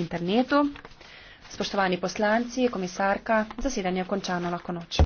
internetu. Spoštovani poslanci, komisarka, zasedanje je končano, lahko noč.